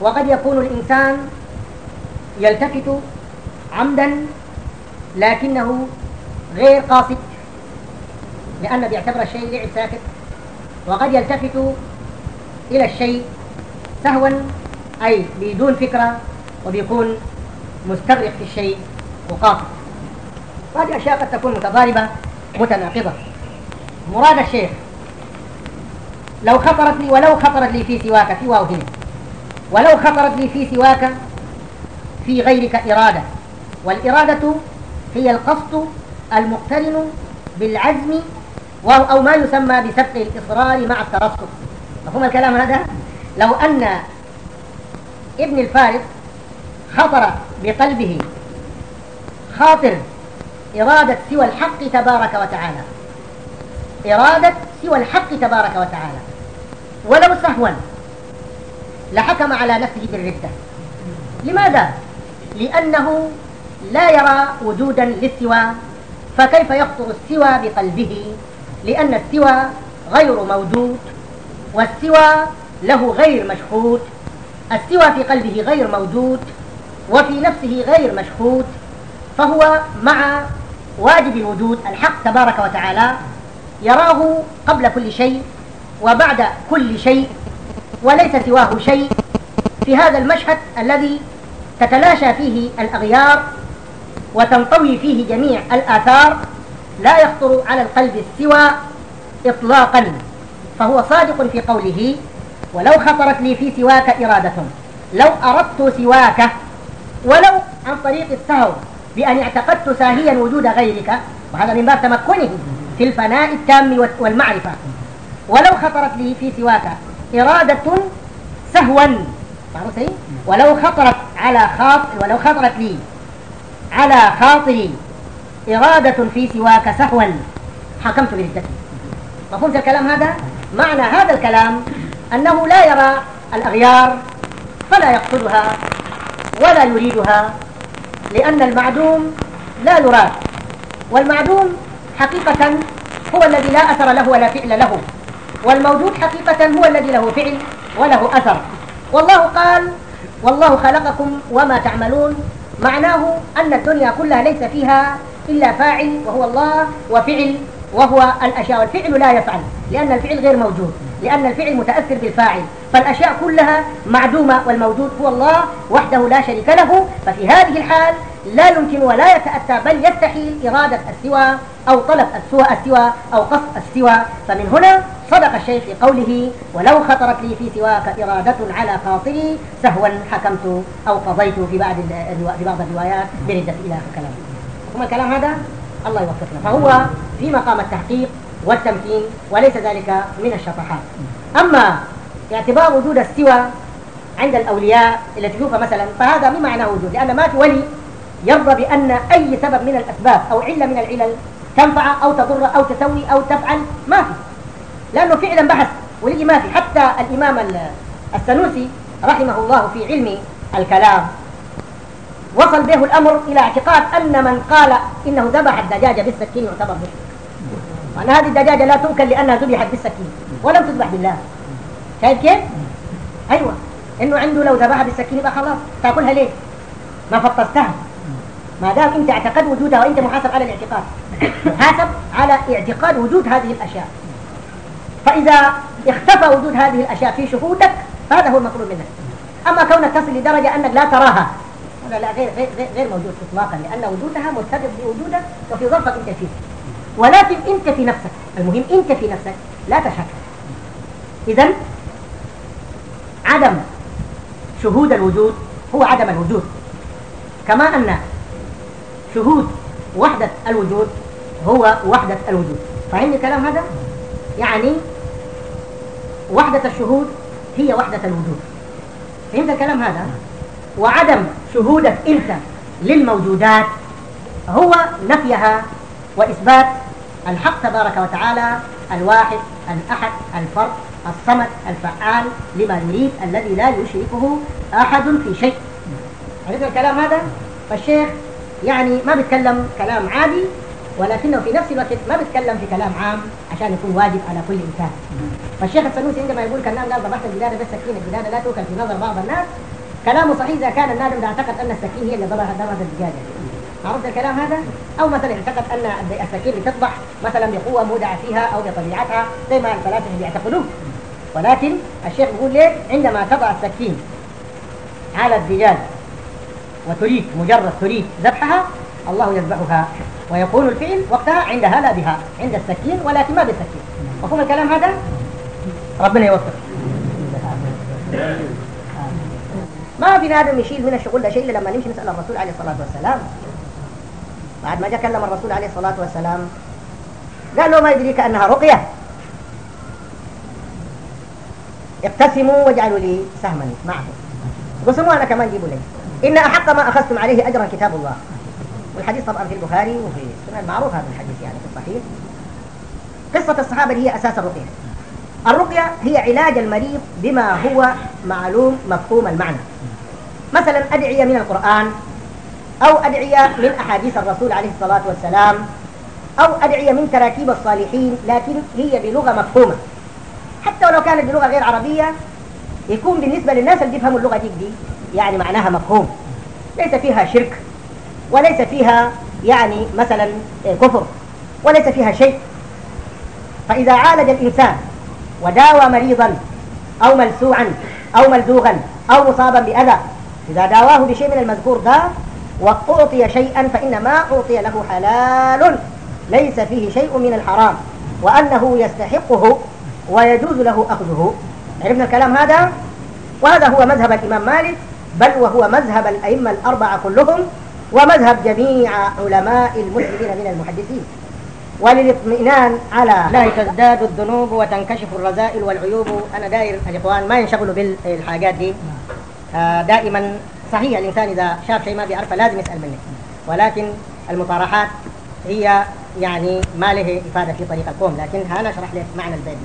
وقد يكون الإنسان يلتفت عمدا لكنه غير قاصد لأنه بيعتبر الشيء لعب ساكت وقد يلتفت إلى الشيء سهوا أي بدون فكرة وبيكون مستغرق في الشيء وقاصد وهذه أشياء قد تكون متضاربة متناقضة مراد الشيخ لو خطرت لي ولو خطرت لي في سواك في واو هنا ولو خطرت لي في سواك في غيرك إرادة والإرادة هي القصد المقترن بالعزم أو ما يسمى بسبق الإصرار مع الترصد مفهوم الكلام هذا؟ لو أن ابن الفارس خطر بقلبه خاطر إرادة سوى الحق تبارك وتعالى إرادة سوى الحق تبارك وتعالى ولو سهوا لحكم على نفسه بالردة لماذا؟ لأنه لا يرى وجودا للسوى فكيف يخطر السوى بقلبه لأن السوى غير موجود والسوى له غير مشهود السوى في قلبه غير موجود وفي نفسه غير مشهود فهو مع واجب الوجود الحق تبارك وتعالى يراه قبل كل شيء وبعد كل شيء وليس سواه شيء في هذا المشهد الذي تتلاشى فيه الأغيار وتنطوي فيه جميع الآثار لا يخطر على القلب سوى إطلاقا فهو صادق في قوله ولو خطرت لي في سواك إرادة لو أردت سواك ولو عن طريق السهو بأن اعتقدت ساهيا وجود غيرك وهذا من باب تمكنه في الفناء التام والمعرفة ولو خطرت لي في سواك إرادة سهوا ولو خطرت على خاطر ولو خطرت لي على خاطري إرادة في سواك سهوا حكمت بردتي مفهوم الكلام هذا معنى هذا الكلام أنه لا يرى الأغيار فلا يقصدها ولا يريدها لأن المعدوم لا يراد والمعدوم حقيقة هو الذي لا أثر له ولا فعل له والموجود حقيقة هو الذي له فعل وله أثر والله قال والله خلقكم وما تعملون معناه أن الدنيا كلها ليس فيها إلا فاعل وهو الله وفعل وهو الأشياء والفعل لا يفعل لأن الفعل غير موجود لأن الفعل متأثر بالفاعل فالأشياء كلها معدومة والموجود هو الله وحده لا شريك له ففي هذه الحال لا يمكن ولا يتأتى بل يستحيل إرادة السوى أو طلب السوى السوى أو قصد السوى فمن هنا صدق الشيخ قوله ولو خطرت لي في سواك إرادة على خاطري سهوا حكمت أو قضيت في بعض في بعض الروايات بردة إلى آخر كلام ثم الكلام هذا الله يوفقنا فهو في مقام التحقيق والتمكين وليس ذلك من الشطحات أما اعتبار وجود السوى عند الأولياء التي توفى مثلا فهذا ما معناه وجود لأن مات ولي يرضى بأن أي سبب من الأسباب أو علة من العلل تنفع أو تضر أو تسوي أو تفعل ما في لأنه فعلا بحث ولقي ما في حتى الإمام السنوسي رحمه الله في علم الكلام وصل به الأمر إلى اعتقاد أن من قال إنه ذبح الدجاجة بالسكين يعتبر مشرك وأن هذه الدجاجة لا تؤكل لأنها ذبحت بالسكين ولم تذبح بالله شايف كيف؟ أيوة إنه عنده لو ذبحها بالسكين يبقى خلاص تاكلها ليه؟ ما فطستها ما دام أنت اعتقد وجودها وأنت محاسب على الاعتقاد محاسب على اعتقاد وجود هذه الأشياء فإذا اختفى وجود هذه الأشياء في شهودك فهذا هو المطلوب منك أما كونك تصل لدرجة أنك لا تراها هذا لا غير, غير, غير موجود إطلاقا لأن وجودها مرتبط بوجودك وفي ظرفك أنت فيه ولكن أنت في نفسك المهم أنت في نفسك لا تشك إذا عدم شهود الوجود هو عدم الوجود كما أن شهود وحدة الوجود هو وحدة الوجود فهمني الكلام هذا؟ يعني وحدة الشهود هي وحدة الوجود فهمت الكلام هذا وعدم شهودك أنت للموجودات هو نفيها وإثبات الحق تبارك وتعالى الواحد الأحد الفرد الصمد الفعال لما يريد الذي لا يشركه أحد في شيء عرفت الكلام هذا؟ فالشيخ يعني ما بيتكلم كلام عادي ولكنه في نفس الوقت ما بيتكلم في كلام عام عشان يكون واجب على كل انسان فالشيخ السنوسي عندما يقول كلام قال ضبحت القلاده بس سكين القلاده لا توكل في نظر بعض الناس كلامه صحيح اذا كان النادم اعتقد ان السكين هي اللي ضربت ضربت القلاده عرفت الكلام هذا؟ او مثلا اعتقد ان السكين بتطبح مثلا بقوه مودعه فيها او بطبيعتها زي ما الفلاسفه بيعتقدوه ولكن الشيخ بيقول ليه؟ عندما تضع السكين على الدجاج وتريد مجرد تريد ذبحها الله يذبحها ويكون الفعل وقتها عند لا بها عند السكين ولكن ما بالسكين مفهوم الكلام هذا ربنا يوفق ما في نادم يشيل من الشغل ده شيء الا لما نمشي نسال الرسول عليه الصلاه والسلام بعد ما جاء كلم الرسول عليه الصلاه والسلام قال له ما يدريك انها رقيه اقتسموا واجعلوا لي سهما معه قسموا انا كمان جيبوا لي ان احق ما اخذتم عليه اجرا كتاب الله والحديث طبعا في البخاري وفي السنة معروف هذا الحديث يعني في الصحيح قصة الصحابة اللي هي أساس الرقية الرقية هي علاج المريض بما هو معلوم مفهوم المعنى مثلا أدعية من القرآن أو أدعية من أحاديث الرسول عليه الصلاة والسلام أو أدعية من تراكيب الصالحين لكن هي بلغة مفهومة حتى ولو كانت بلغة غير عربية يكون بالنسبة للناس اللي بيفهموا اللغة دي, دي يعني معناها مفهوم ليس فيها شرك وليس فيها يعني مثلا كفر وليس فيها شيء فإذا عالج الإنسان وداوى مريضا أو ملسوعا أو ملدوغا أو مصابا بأذى إذا داواه بشيء من المذكور ده وأعطي شيئا فإن ما أعطي له حلال ليس فيه شيء من الحرام وأنه يستحقه ويجوز له أخذه عرفنا الكلام هذا وهذا هو مذهب الإمام مالك بل وهو مذهب الأئمة الأربعة كلهم ومذهب جميع علماء المسلمين من المحدثين وللاطمئنان على لا تزداد الذنوب وتنكشف الرذائل والعيوب انا داير الاخوان ما ينشغلوا بالحاجات دي آه، دائما صحيح الانسان اذا شاف شيء ما بيعرفه لازم يسال منه ولكن المطارحات هي يعني ما له افاده في طريق القوم لكن انا اشرح لك معنى البيت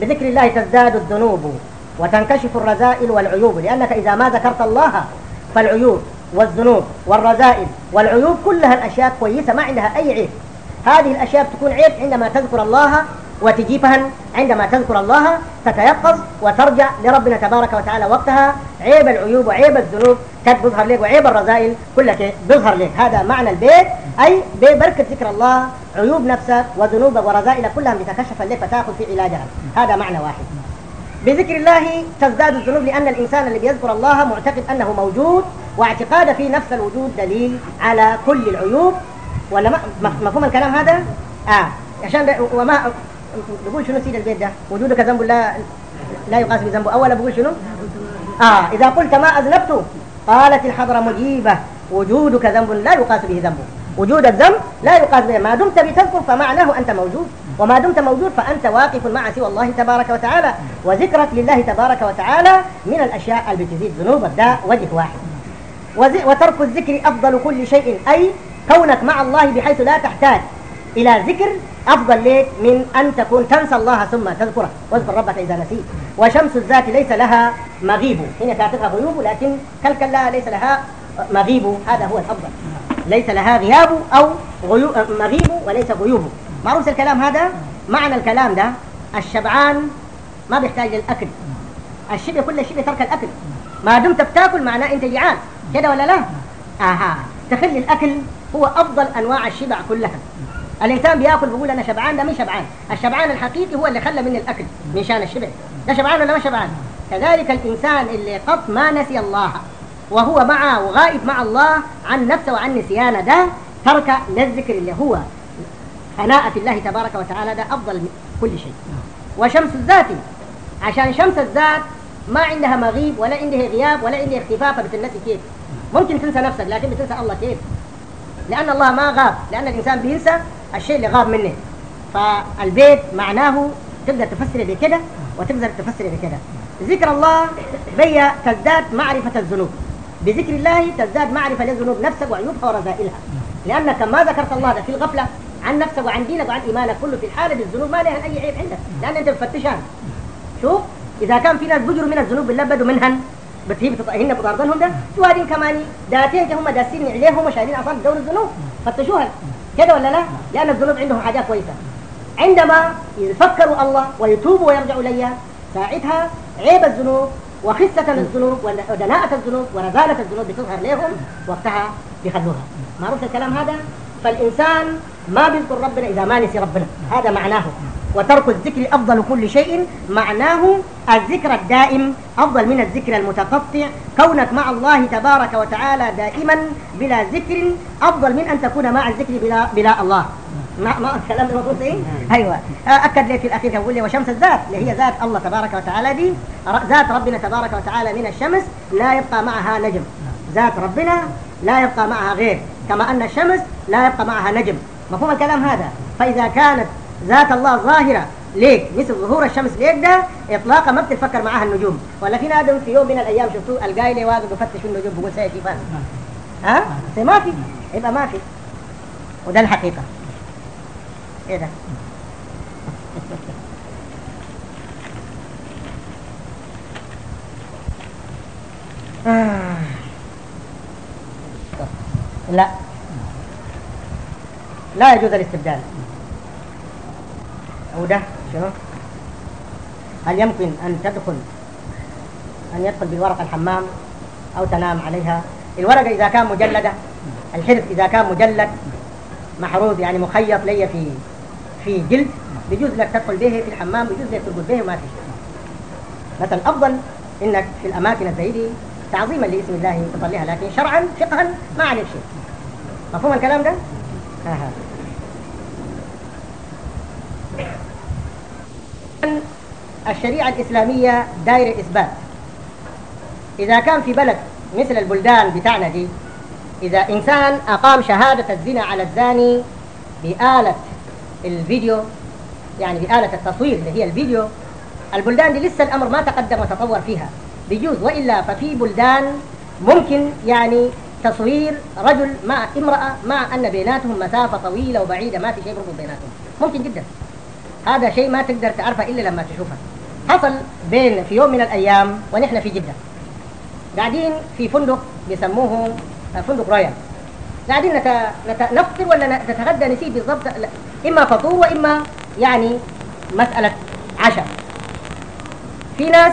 بذكر الله تزداد الذنوب وتنكشف الرذائل والعيوب لانك اذا ما ذكرت الله فالعيوب والذنوب والرذائل والعيوب كلها الأشياء كويسة ما عندها أي عيب هذه الأشياء بتكون عيب عندما تذكر الله وتجيبها عندما تذكر الله تتيقظ وترجع لربنا تبارك وتعالى وقتها عيب العيوب وعيب الذنوب كانت بيظهر لك وعيب الرذائل كلها بيظهر لك هذا معنى البيت أي ببركة ذكر الله عيوب نفسك وذنوبك ورذائلك كلها بتكشف لك فتاخذ في علاجها هذا معنى واحد بذكر الله تزداد الذنوب لأن الإنسان اللي بيذكر الله معتقد أنه موجود واعتقاد في نفس الوجود دليل على كل العيوب ولا مفهوم الكلام هذا؟ آه عشان وما بقول شنو سيد البيت ده وجودك ذنب لا لا يقاس بذنبه أولا بقول شنو؟ آه إذا قلت ما أذنبت قالت الحضرة مجيبة وجودك ذنب لا يقاس به ذنبه وجود الذنب لا يقاس به ما دمت بتذكر فمعناه أنت موجود وما دمت موجود فأنت واقف مع سوى الله تبارك وتعالى وذكرك لله تبارك وتعالى من الأشياء اللي بتزيد ذنوب الداء وجه واحد وترك الذكر أفضل كل شيء أي كونك مع الله بحيث لا تحتاج إلى ذكر أفضل لك من أن تكون تنسى الله ثم تذكره واذكر ربك إذا نسيت وشمس الذات ليس لها مغيب هنا تعتقد غيوب لكن كالكلا ليس لها مغيب هذا هو الأفضل ليس لها غياب أو مغيب وليس غيوب معروف الكلام هذا معنى الكلام ده الشبعان ما بيحتاج للأكل الشبع كل الشبع ترك الأكل ما دمت بتاكل معناه أنت جعان كده ولا لا؟ آها تخلي الأكل هو أفضل أنواع الشبع كلها الإنسان بياكل بيقول أنا شبعان ده مش شبعان الشبعان الحقيقي هو اللي خلى مني الأكل من شان الشبع ده شبعان ولا ما شبعان كذلك الإنسان اللي قط ما نسي الله وهو مع وغائب مع الله عن نفسه وعن نسيانه ده ترك للذكر اللي هو أناءة الله تبارك وتعالى ده أفضل من كل شيء وشمس الذات عشان شمس الذات ما عندها مغيب ولا عندها غياب ولا عندها اختفاء فبتنسي كيف ممكن تنسى نفسك لكن بتنسى الله كيف لأن الله ما غاب لأن الإنسان بينسى الشيء اللي غاب منه فالبيت معناه تقدر تفسر بكده وتقدر تفسر بكده ذكر الله بي تزداد معرفة الذنوب بذكر الله تزداد معرفة لذنوب نفسك وعيوبها ورذائلها لأنك ما ذكرت الله في الغفلة عن نفسك وعن دينك وعن إيمانك كله في الحالة بالذنوب ما لها أي عيب عندك لأن أنت بتفتشها شوف إذا كان في ناس بجروا من الذنوب باللبد منهن بتهيب تطعهن بطاردنهم ده شو هذين كمان داتين هم داسين عليهم وشايلين أصلا دور الذنوب فتشوها كده ولا لا؟ لأن الذنوب عندهم حاجات كويسة عندما يفكروا الله ويتوبوا ويرجعوا إليه ساعتها عيب الذنوب وخسة الذنوب ودناءة الذنوب ورزالة الذنوب بتظهر لهم وقتها بيخلوها معروف الكلام هذا فالإنسان ما بيذكر ربنا إذا ما نسي ربنا هذا معناه وترك الذكر أفضل كل شيء معناه الذكر الدائم أفضل من الذكر المتقطع كونك مع الله تبارك وتعالى دائما بلا ذكر أفضل من أن تكون مع الذكر بلا, بلا الله ما ما الكلام المفروض ايه؟ ايوه آه، اكد لي في الاخير يقول لي وشمس الذات اللي هي ذات الله تبارك وتعالى دي ذات ربنا تبارك وتعالى من الشمس لا يبقى معها نجم ذات ربنا لا يبقى معها غير كما ان الشمس لا يبقى معها نجم مفهوم الكلام هذا فاذا كانت ذات الله ظاهره ليك مثل ظهور الشمس ليك ده اطلاقا ما بتتفكر معاها النجوم ولا في نادم في يوم من الايام شفتوا القايله واقف بفتش النجوم بقول سيدي فاهم ها؟ نعم. إيه، ما في يبقى ما في وده الحقيقه ايه آه. ده لا لا يجوز الاستبدال أو ده شنو هل يمكن أن تدخل أن يدخل بالورقة الحمام أو تنام عليها الورقة إذا كان مجلدة الحرف إذا كان مجلد محروض يعني مخيط لي في في جلد بجوز انك تدخل به في الحمام بجوز انك ترقد به وما في شيء مثلا الافضل انك في الاماكن الزي دي تعظيما لاسم الله تصليها لكن شرعا فقها ما عليك شيء مفهوم الكلام ده؟ ها آه. ها. الشريعة الإسلامية دايرة إثبات إذا كان في بلد مثل البلدان بتاعنا دي إذا إنسان أقام شهادة الزنا على الزاني بآلة الفيديو يعني بآلة التصوير اللي هي الفيديو البلدان دي لسه الأمر ما تقدم وتطور فيها بجوز وإلا ففي بلدان ممكن يعني تصوير رجل مع امرأة مع أن بيناتهم مسافة طويلة وبعيدة ما في شيء يربط بيناتهم ممكن جدا هذا شيء ما تقدر تعرفه إلا لما تشوفه حصل بين في يوم من الأيام ونحن في جدة قاعدين في فندق بيسموه آه، فندق رويال قاعدين نفطر ولا نتغدى نسيت بالضبط إما فطور وإما يعني مسألة عشاء في ناس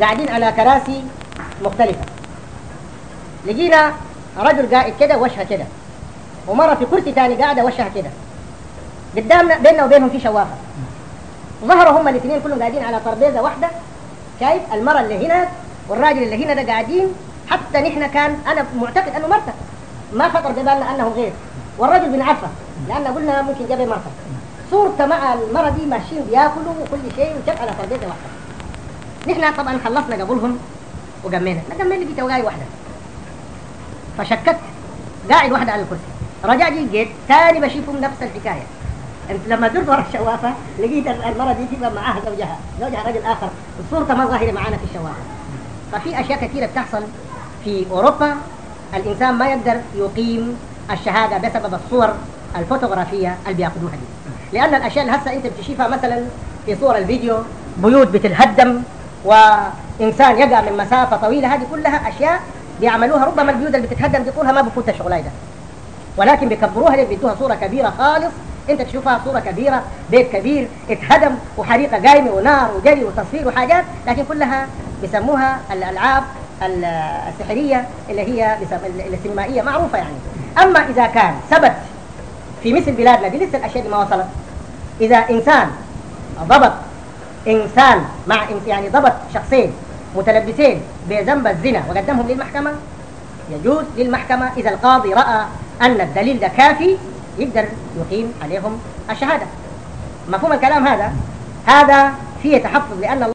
قاعدين على كراسي مختلفة لقينا رجل قاعد كده وشها كده ومرة في كرسي تاني قاعدة وشها كده قدامنا بيننا وبينهم في شوافة ظهروا هم الاثنين كلهم قاعدين على طربيزة واحدة شايف المرة اللي هنا والراجل اللي هنا ده قاعدين حتى نحن كان أنا معتقد أنه مرتب ما خطر ببالنا أنه غير والرجل بنعفه لان قلنا ممكن جبه مرضى صورته مع المرة دي ماشيين بياكلوا وكل شيء وشق على تربيته واحده نحن طبعا خلصنا قبلهم وجمينا جمينا لقيت وقاي واحده فشككت قاعد واحده على الكرسي رجع جي جيت تاني بشوفهم نفس الحكايه انت لما درت ورا الشوافه لقيت المره دي تبقى معاها زوجها زوجها رجل اخر الصورته ما ظاهره معانا في الشوافه ففي اشياء كثيره بتحصل في اوروبا الانسان ما يقدر يقيم الشهاده بسبب الصور الفوتوغرافيه اللي بياخذوها دي لان الاشياء اللي هسه انت بتشوفها مثلا في صور الفيديو بيوت بتتهدم وانسان يقع من مسافه طويله هذه كلها اشياء بيعملوها ربما البيوت اللي بتتهدم دي كلها ما بفوتها شغلاي ده ولكن بيكبروها ليه بيدوها صوره كبيره خالص انت تشوفها صوره كبيره بيت كبير اتهدم وحريقه قايمه ونار وجري وتصوير وحاجات لكن كلها بيسموها الالعاب السحريه اللي هي السينمائيه معروفه يعني اما اذا كان ثبت في مثل بلادنا دي لسه الاشياء دي ما وصلت اذا انسان ضبط انسان مع يعني ضبط شخصين متلبسين بذنب الزنا وقدمهم للمحكمه يجوز للمحكمه اذا القاضي راى ان الدليل ده كافي يقدر يقيم عليهم الشهاده مفهوم الكلام هذا هذا فيه تحفظ لان